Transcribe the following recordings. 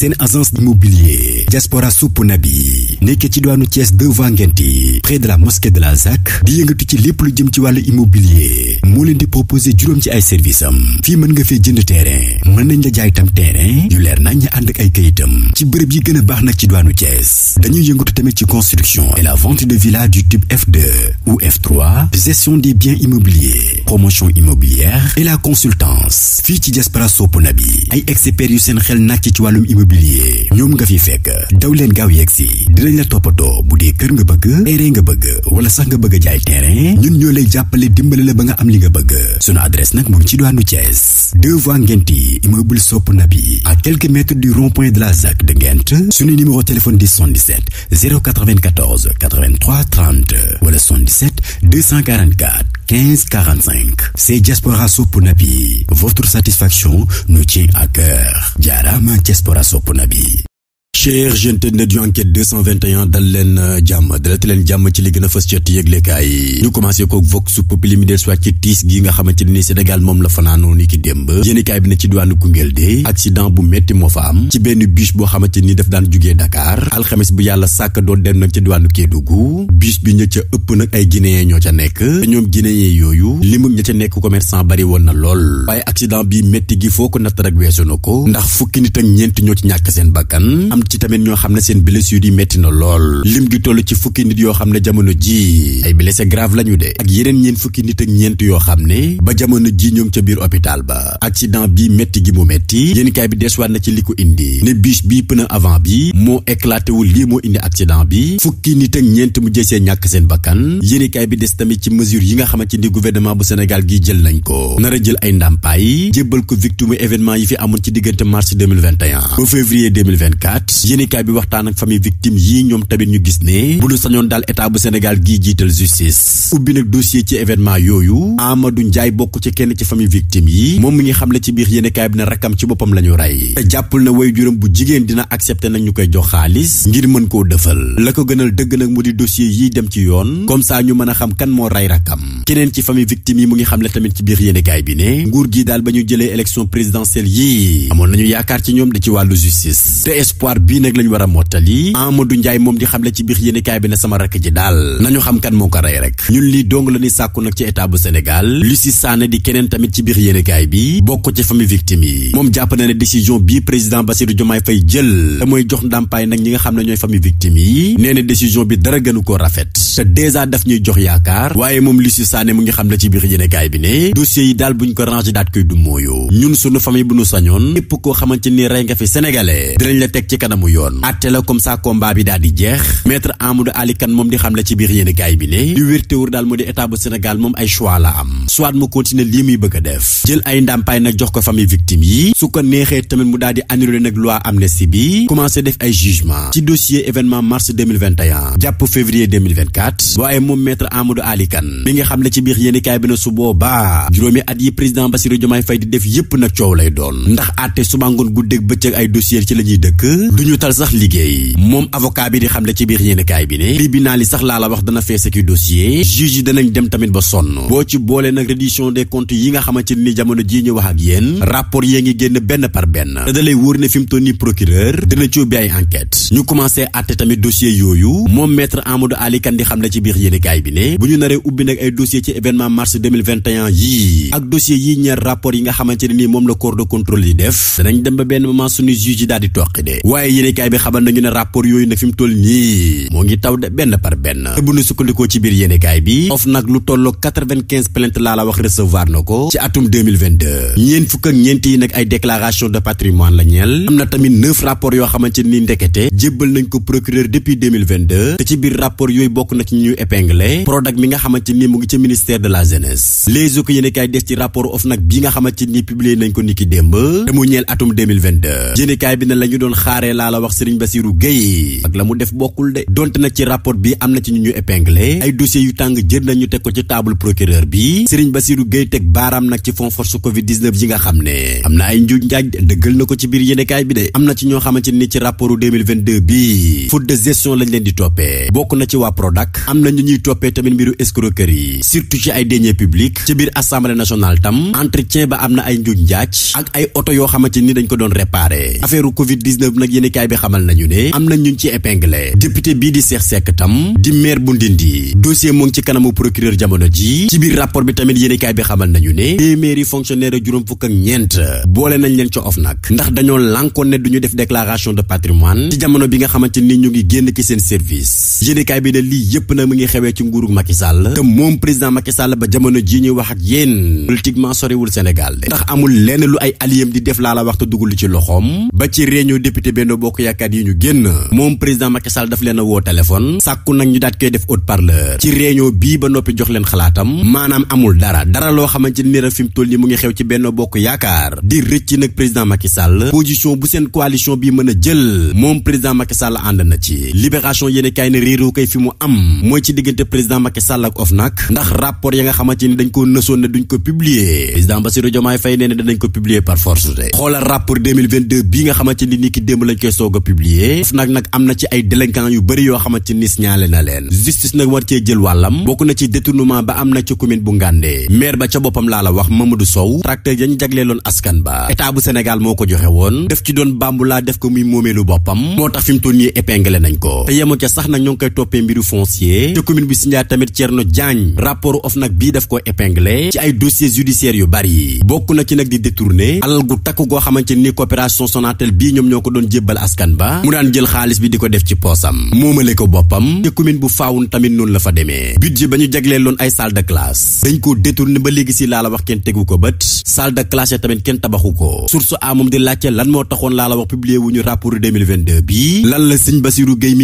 seen agence immobilier diaspora suppuna bi nekk ci diwaanu Thiès devant Ngenti près de la mosquée de la ZAC di yëngatu ci lépp lu jëm ci wàllu immobilier moo leen di proposer juróom ci ay services am fii mën nga fee jënd terrain mën nañ la jaay tam terrain yu leer nañ ñu ànd ak ay kayitam ci bërëb yi gën a baax nag ci diwaanu Thiès dañuy yëngatu tamit ci construction et la vente de villa du type F2 ou F3 gestion des biens immobiliers promotion immobilière et la consultance fii ci diaspora soppna bi ay experts yu seen xel nàcc ci wàllum immobilier ñoom nga fi fekk daw leen gaaw yegg si dinañ la toppatoo bu dee kër nga bëgg terrain nga bëgg wala sax nga bëgg a jaay terrain ñun ñoo lay jàppale dimbale la ba nga am li nga bëgg sunu adresse nag mu ngi ci doonu Thiès deux voies Ngenti immeuble soppna bi à quelques mètres du rond-point de la ZAC de Ngent suñu numéro téléphone di 77 77 244 15 45 c'est Diaspora Soponabi votre satisfaction nous tient à cœur jaarama Diaspora Soponabi cher jentenet yu enquête 221 dal leen euh, jàmm dalati leen jàmm ci li gën a fës ci yëglekaay yi ñu commencé ko vox populi mi tiis gi nga xamante ni Sénégal moom la fanaanoo ni ki démb yéenekaay bi ne ci diwaanu Koungheul de accident bu metti moo fa am ci benn bus boo xamante ni daf daan jugee Dakar alxames bu yàlla sàkk doon dem nag ci diwaanu Kédougou bus bi ña ca ëpp nag ay guinéen ñoo ca nekk te ñoom guinéen yooyu limu ña ca nekk commerçant bari woon na lool waaye accident bi metti gi foo ko rek weesu na ko ndax fukki nit ak ñeent ñoo ci ñàkk seen bakkan ci tamit ñoo xam ne seen blessures yi metti na lool lim gi toll ci fukki nit yoo xam ne jamono ji ay blessé grave lañu de ak yeneen ñeen fukki nit ak ñeent yoo xam ne ba jamono ji ñoom ca biir hôpital ba accident bi metti gi mu metti yéenikaay bi des deeswaat na ci li ko indi ne bus bi pneu avant bi moo éclaté wu lii moo indi accident bi fukki nit ak ñeent mu jësee ñàkk seen bakkan yéenikaay bi des tamit ci mesure yi nga xamante ni gouvernement bu Sénégal gi jël nañ ko nar a jël ay ndàmpaay jébbal ko victime événement yi fi amoon ci diggante mars yéenekaay bi waxtaan ak famille victime yii ñoom tamit ñu gis ne bu nu sañoon daal état bu Sénégal gii jiital justice ubbi nag dossier ci événement yooyu Amadou Ndiaye bokk ci kenn ci famille victime yi moom mi ngi xamle ci biir yéenekaay bi ne rakkam ci boppam la ñu rey te jàppul na way juróom bu jigéen dina accepté nag ñu koy jox xaalis ngir mën koo dëfal la ko gënal dëgg nag mu di dossier yiy dem ci yoon comme ça ñu mën a xam kan moo rey rakkam keneen ci famille victime yi mu ngi xamle tamit ci biir yéenekaay bi ne nguur gi daal ba ñu jëlee élection présidentielle yii amoon nañu yaakaar ci ñoom da ci wàllu justice xabaar bii nag la ñu war a mottali Amadou Ndiaye moom di xamle ci biir yéenekaay bi ne sama rakk ji daal nañu xam kan moo ko rey rek ñun lii dong la sàkku nag ci état bu Sénégal Lucie di keneen tamit ci biir yéenekaay bi bokk ci famille victime yi moom jàpp ne ne ñooy bi dara gënu koo rafet te dèjà daf ñuy jox yaakaar waaye moom Lucie Sané mu ngi xam ci biir yéenekaay bi ne dossier yi daal buñ ko rangé daat koy du mooyoo ñun suñu famille bu kanamu yoon atte la comme ça combat bi daal di jeex maître Amadou Ali moom di xam la ci biir yéen gaay bi ne li wér te wóor daal moo di état bu moom ay choix la am soit mu continuer lii muy bëgg def jël ay ndàmpaay nag jox ko famille victime yi su ko neexee tamit mu daal di annuler nag loi amnistie bi commencé def ay jugement ci dossier événement mars 2021 jàpp février 2024 boo ay moom maître Amadou Ali Kane bi nga xam la ci biir yéen kaay bi ne su boobaa juróomi at yi président Bassirou Diomaye Faye di def yépp nag coow lay doon ndax atte subangoon guddeeg bëccëg ay ci la ñuy dëkk duñu tal sax liggéey moom avocat bi di xamle ci biir yéenekaay bi ne tribunal yi sax laa la wax dana fees ki dossier juge yi danañ dem tamit ba sonn boo ci boolee nag reddition des comptes yi nga xamante ni jamono jii ñu wax ak yéen rapport yee ngi génn benn par benn te dalay wóor ne fi mu toll nii procureur dina ci ubbi ay enquête ñu commencé àtte tamit dossier yooyu moom maître Amadou Ali Kane di xamle ci biir yéenekaay bi ne bu ñu naree ubbi nag ay dossier ci événement mars 2021 yii ak dossier yi xamante ne nii moom la corps de def danañ dem ba benn moment suñu waaye yéenekaay bi xamal nañu ne rapport yooyu nag fi toll nii moo ngi taw benn par benn bu nu sukkandikoo ci biir yéenekaay bi of nag lu tolloo quatre laa la wax recevoir na ko ci atum 2022 fukk ak ñeent nag ay déclaration de patrimoine la ñeel am na tamit neuf rapports yoo xamante ni ndekete jébbal nañ ko procureur depuis te ci biir rapport yooyu bokk na ci ñu épinglé Prodac mi nga xamante ni mu ngi ci ministère de la jeunesse les ko niki démb te laa la wax Serigne Bassirou Gueye ak la mu def bokkul de donte nag ci rapport bi am na ci ñu ñu épinglé ay dossiers yu tàng jër nañu teg ko ci table procureur bi Serigne Bassirou Gueye teg baaraam nag ci fond force Covid 19 yi nga xam ne am na ay njuuj njaaj dëggal na ko ci biir yéenekaay bi de am na ci ñoo xamante ni ci rapportu 2022 bi faute de gestion lañ leen di toppee bokk na ci waa Prodac am na ñu ñuy toppee tamit mbiru escroquerie surtout ci ay deniers publics ci biir assemblée nationale tam entretien ba am na ay njuuj njaaj ak ay oto yoo xamante ni dañ ko doon réparé yéenekaay bi xamal nañu ne am nañ ñu ci épinglé député bii di Cheikh Seck tam di maire bu Ndindi dossier mu ci kanamu procureur jamono ji ci biir rapport bi tamit yéenekaay bi xamal nañu ne téeméeri fonctionnaire juróom fukk ak ñeent boole nañ leen ci ca nag ndax dañoo lankoon ne duñu def déclaration de patrimoine ci jamono bi nga xamante ni ñu ngi génn ci seen service yéenekaay bi ne lii yëpp nag mu ngi xewee ci nguurug Macky Sall te moom président Macky Sall ba jamono ji ñuy wax ak yéen politiquement soriwul Sénégal de ndax amul lenn lu ay aliyem di def laa la wax te lu ci loxoom ba ci réunion député benn Bokk Yaakaar yi ñu génn moom président Macky Sall daf leen a woo téléphone sàkku nag ñu daat koy def haut-parleur ci réunion bi ba noppi jox leen xalaatam maanaam amul dara dara loo xamante ni a fi mu toll nii mu ngi xew ci benn Bokk Yaakaar di rëcc nag président Macky Sall position bu seen coalition bi mën a jël moom président Macky Sall ànd na ci libération yéenekaay réeroo kay fi mu am rapport ya nga xamante ni par force de xoolal rapport 2022 bii ni ni démb lañ koy soog a publier OFNAC nag am na ci ay délinquants yu bëri yoo xamante ni signalé na leen justice nag war cee jël wàllam bokk na ci détournement ba am na ci commune bu Ngandé maire ba ca boppam laa la wax Mamadou Sow tracteur yañ jagleeloon askan ba état bu Sénégal moo ko joxe woon def ci doon bambu laa def ko muy moomeelu boppam moo tax fi mu toll nii nañ ko te yemu ca sax nag koy toppee mbiru foncier te commune bu Sindian tamit Thierno Diagne rapport OFNAC bii daf ko épinglé ci ay dossiers judiciaires yu bari bokk na ci nag di détourné alal gu takk goo xamante ni coopération Sonatel bii ñoom ñoo ko doon jébbal askan ba mu daan jël xaalis bi di ko def ci poosam moomale ko boppam te commune bu Faoun tamit noonu la fa demee budget ba ñu jagleel loon ay salle de dañ ko détourné ba léegi si laa la wax kenn tegu ko bët salle de classe tamit kenn tabaxu ko source a moom di laajte lan moo taxoon laa la wax publier wuñu rapport 2022 bi lan la sëñ Bassirou Gueye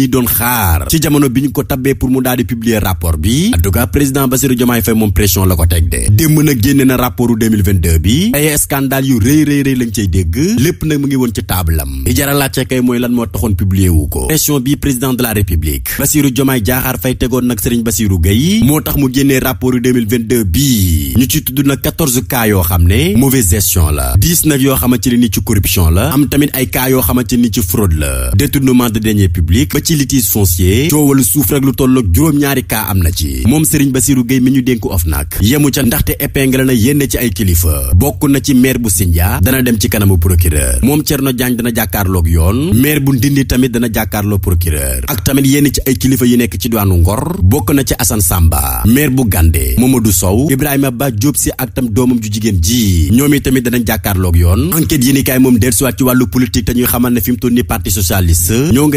jamono bi ñu ko tabee pour mu daal di publier rapport bi en tout cas président Bassirou Diomaye Faye moom pression la ko teg de démb nag génne na rapportu 2022 bi ay scandale yu rëy rëy rëy lañ cay dégg lépp nag mu ngi woon ci taabalam li jaralaat laajte kay mooy lan moo taxoon publier wu ko pression bi président de la république Bassirou Diomaye Diakhar Faye tegoon nag Serigne Bassirou Gueye moo tax mu génnee rapportu 2022 bi ñu ci tudd nag 14 cas yoo xam ne mauvaise gestion la 10 nag yoo xamante ni ci corruption la am tamit ay cas yoo xamante ni ci fraude la détournement de deniers publics ba ci litige foncier coowalu suuf rek lu tolloog juróom-ñaari kaa am na ci moom Serigne Bassirou Gueye mi ñu dénku OFNAC yemu ca ndaxte épingle na yenn ci ay kilifa bokk na ci maire bu Sindia dana dem ci kanamu procureur moom Thierno Diagne dana jàkkaarloog yoon maire bu Ndindi tamit dana jàkkaarloo procureur ak tamit yenn ci ay kilifa yi nekk ci diwaanu Ngor bokk na ci Assane Samba maire bu Gandé Mamadou Sow Ibrahima Ba Diop si ak tam doomam ju jigéen ji ñoom i tamit danañ jàkkaarloog yoon enquête yi ni kaay fi mu toll nii parti socialiste ñoo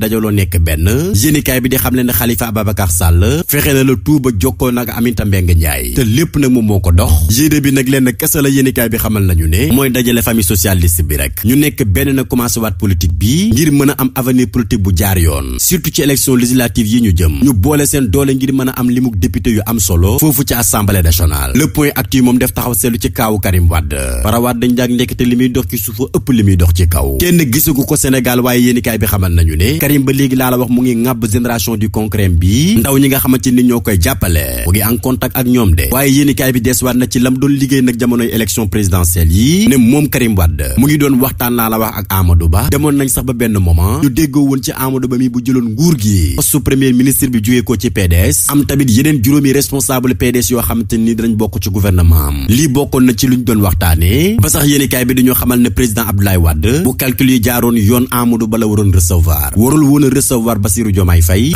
dajaloo nekk benn yéenekaay bi di xam leen ne Khalifa Ababacar Sall fexe na la tuuba jokkoo nag Aminata Mbengue Ndiaye te lépp nag moom moo ko dox yéene bi nag lenn kese la yéenekaay bi xamal nañu ne mooy dajale famille socialiste bi rek ñu nekk benn na commencé politique bi ngir mën a am avenir bu jaar yoon surtout ci élection yi ñu jëm ñu boole seen doole ngir mën a am limuk député yu am solo foofu ci assemblée nationale le point actu moom def taxaw seetlu ci kaawu Karim Wade farawaat dañ jaag ndekkte li muy dox ci suufa ëpp li muy dox ci kaw kenn gisagu ko Sénégal waaye yéenekaay bi xamal nañu ne Karim ba léegi laa la wax mu ngi ŋàbb génération du concret bi ndaw ñi nga xamante ni ñoo koy jàppale mu ngi en contact ak ñoom de waaye yéenikaay bi deesuwaat na ci lam doon liggéey nag jamonoy élection présidentielle yi ne moom Karim Wade mu ngi doon waxtaan naa la wax ak Amadou Ba demoon nañ sax ba benn moment ñu déggoo woon ci Amadou Ba mi bu jëloon nguur gi poste premier ministre bi jógee ko ci PDS am tamit yeneen juróomi responsable PDS yoo xamante ni dinañ bokk ci lii bokkoon na ci luñ doon waxtaane ba sax yéenikaay bi dañoo xamal ne président Abdoulaye Wade bu calcul yi jaaroon yoon Amadou Ba la waroon recevoir warul woon a recevoir Bassirou Diomaye Faye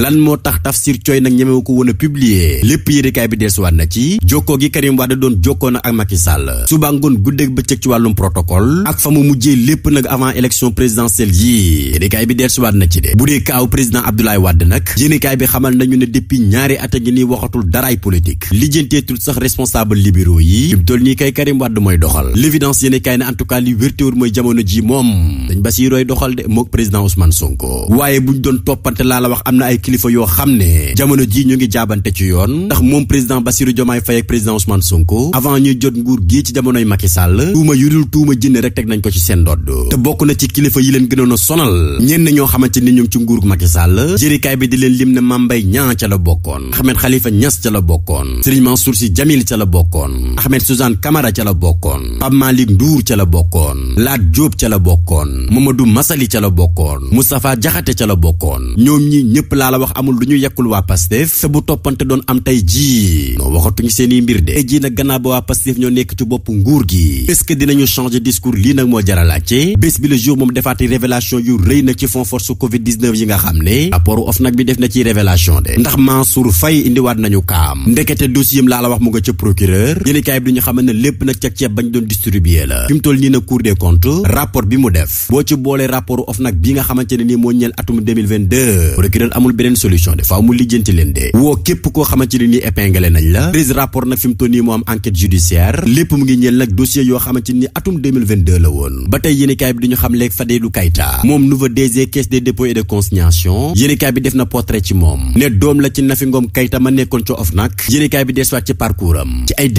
lan moo tax Tafsir Thioye nag ñemewu ko woon publier lépp yërekaay bi deesuwaat na ci jokkoo gi Karim Wade doon jokkoo nag ak Macky Sall ngoon guddeeg bëccëg ci wàllum protocole ak fa mu mujjee lépp nag avant élection présidentielle yii yéenekaay bi deesuwaat na ci de bu dee kaaw président Abdoulaye Wade nag yéenekaay bi xamal nañu ne depuis ñaari at a nii waxatul daraay politique lijjanteetul sax responsable libre bureau yi fi mu toll nii kay Karim Wade mooy doxal l'évidence yéen kay ne li wér mooy jamono ji moom dañ Bassirooy doxal de mook président Ousmane Sonko waaye buñ doon toppante laa wax am na ay kilifa yoo xam ne jamono ji ñu ngi jaabante ci yoon ndax moom président Bassirou Diomaye Faye ak président Ousmane Sonko avant ñuy jot nguur gii ci jamonoy Macky tuuma yu dul tuuma jinne rek teg nañ ko ci seen ndodd te bokk na ci kilifa yi leen gënoon a sonal ñenn ñoo bokkoon Ahmed Suzanne Camara ca la bokkoon Pape Malick Ndour ca la bokkoon Laat Diop ca la bokkoon Mamadou Masali ca la bokkoon Moustapha Diakhaté ca la bokkoon ñoom ñi ñëpp laa la wax amul lu ñu yekkul waa Pastef te toppante doon am tey jii noo waxatuñu seeni mbir de tey jii nag gannaaw ba waa Pastef ñoo nekk ci bopp nguur gi est-ce que dinañu changer discours lii nag moo jaralaajte bés bi le jour moom defaati révélation yu rëy na ci fond force covid 19 yi nga xam ne rapport OFNAC bi def na ci révélation de ndax Mansour Faye indiwaat nañu kaam ndekete laa la wax mu nga ca procureur leer yéen kaay bi dañu xamal ne lépp nag ca ceeb bañ doon distribuer la fi toll nii nag Cour des comptes rapport bi mu def boo ci boolee rapport OFNAC bi nga xamante ne nii moo ñeel atum 2022 procureur amul beneen solution de mu lijjanti leen de woo képp koo xamante ne nii épinglé nañ la treize rapport nag fi toll nii moo am enquête judiciaire lépp mu ngi ñeel nag dossier yoo xamante ni atum la woon ba tey yéen bi dañu xam leeg Fadilou Keita moom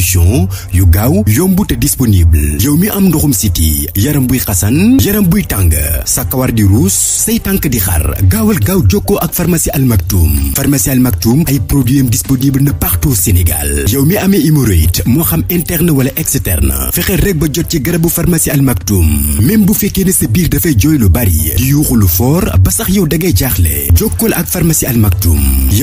solution yu gaaw yomb te disponible yow mi am ndoxum siti yaram buy xasan yaram tàng sa kawar di ruus say tànk di xar gaawal gaaw jokkoo ak pharmacie Al Maktoum pharmacie Al ay produits am disponible na partout Sénégal yow mi amee hémorroïde moo xam interne wala externe fexeel rek ba jot ci garabu pharmacie Al Maktoum même bu fekkee ne sa biir dafay jooy lu bari di yuuxu ba sax yow da ngay jaaxle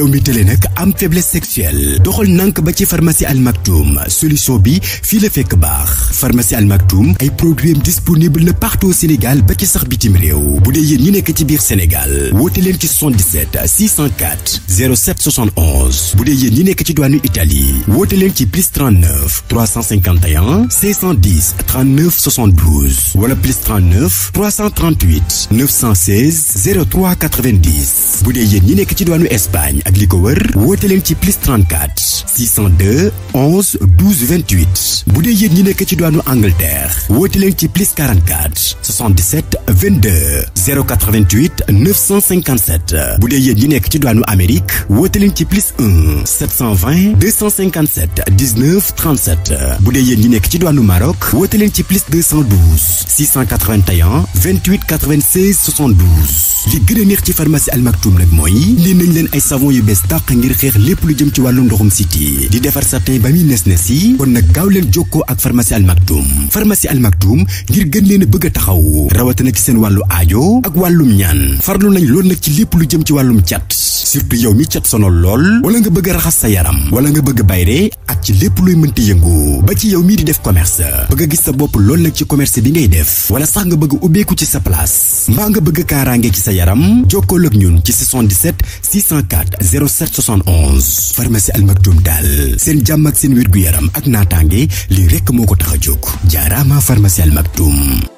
mi tële nag am faiblesse sexuelle doxal nank ba ci pharmacie Al Maktoum solution bi fii la fekk baax pharmacie Al Maktoum ay produits disponible na partout Sénégal ba ci sax bitim réew bu dee yéen ñi nekk ci biir Sénégal woote leen ci 77 604 07 71 bu dee yéen ñi nekk ci douane Italie woote leen ci plus 39 351 610 39 72 wala plus 39 338 916 03 90 bu dee yéen ñi nekk ci douane Espagne ak li ko wër woote leen ci plus 34 602 12 28 bu dee yéen ñi nekk ci diwaanu Angleterre woote leen ci plus 44 77 22 088 957 bu dee yéen ñi nekk ci diwaanu Amérique woote leen ci plus 1 720 257 19 37 bu dee yéen ñi nekk ci diwaanu Maroc woote leen ci plus 212 681 28 96 72. li gën a neex ci pharmacie Al Maktoum nag mooy li nañ leen ay savon yu bees tàq ngir xeex lépp lu jëm ci wàllu ndoxum siti di defar sarten ba muy nes nes yi kon nag gaaw leen jokkoo ak pharmacie Al Maktoum pharmacie Al Maktoum ngir gën leen a bëgg a taxaw rawatina ci seen wàllu aajo ak wàllum ñaan farlu nañ lool nag ci lépp lu jëm ci wàllum cat surtout yow mi cat sonal lool wala nga bëgg raxas sa yaram wala nga bëgg a bayre ak ci lépp luy mënti yëngu ba ci yow mii di def commerce bëgg a gis sa bopp lool nag ci commerce bi ngay def wala sax nga bëgg ubbeeku ci sa place yaram jokkool ak ñun ci 77 604 07 71 pharmacie Al Maktoum daal seen jàmm ak seen wér yaram ak naataange lii rekk moo ko tax a jóg jaaraama pharmacie Al